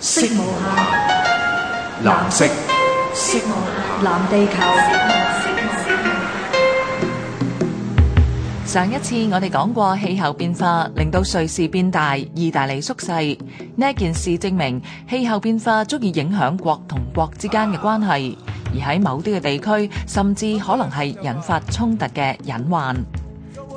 色無限，藍色。色無限，藍地球。上一次我哋講過氣候變化令到瑞士變大，意大利縮細。呢一件事證明氣候變化足以影響國同國之間嘅關係，而喺某啲嘅地區，甚至可能係引發衝突嘅隱患。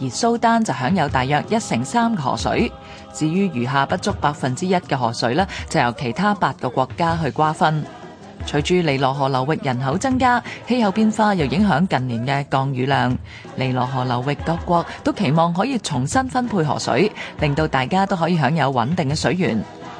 而蘇丹就享有大約一成三嘅河水，至於餘下不足百分之一嘅河水呢，就由其他八個國家去瓜分。隨住尼羅河流域人口增加，氣候變化又影響近年嘅降雨量，尼羅河流域各國都期望可以重新分配河水，令到大家都可以享有穩定嘅水源。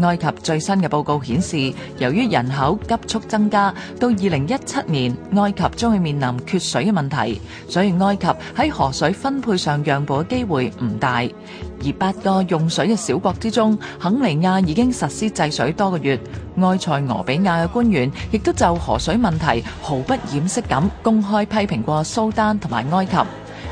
埃及最新嘅報告顯示，由於人口急速增加，到二零一七年，埃及將會面臨缺水嘅問題，所以埃及喺河水分配上讓步嘅機會唔大。而八個用水嘅小國之中，肯尼亞已經實施制水多個月，埃塞俄比亞嘅官員亦都就河水問題毫不掩飾咁公開批評過蘇丹同埋埃及。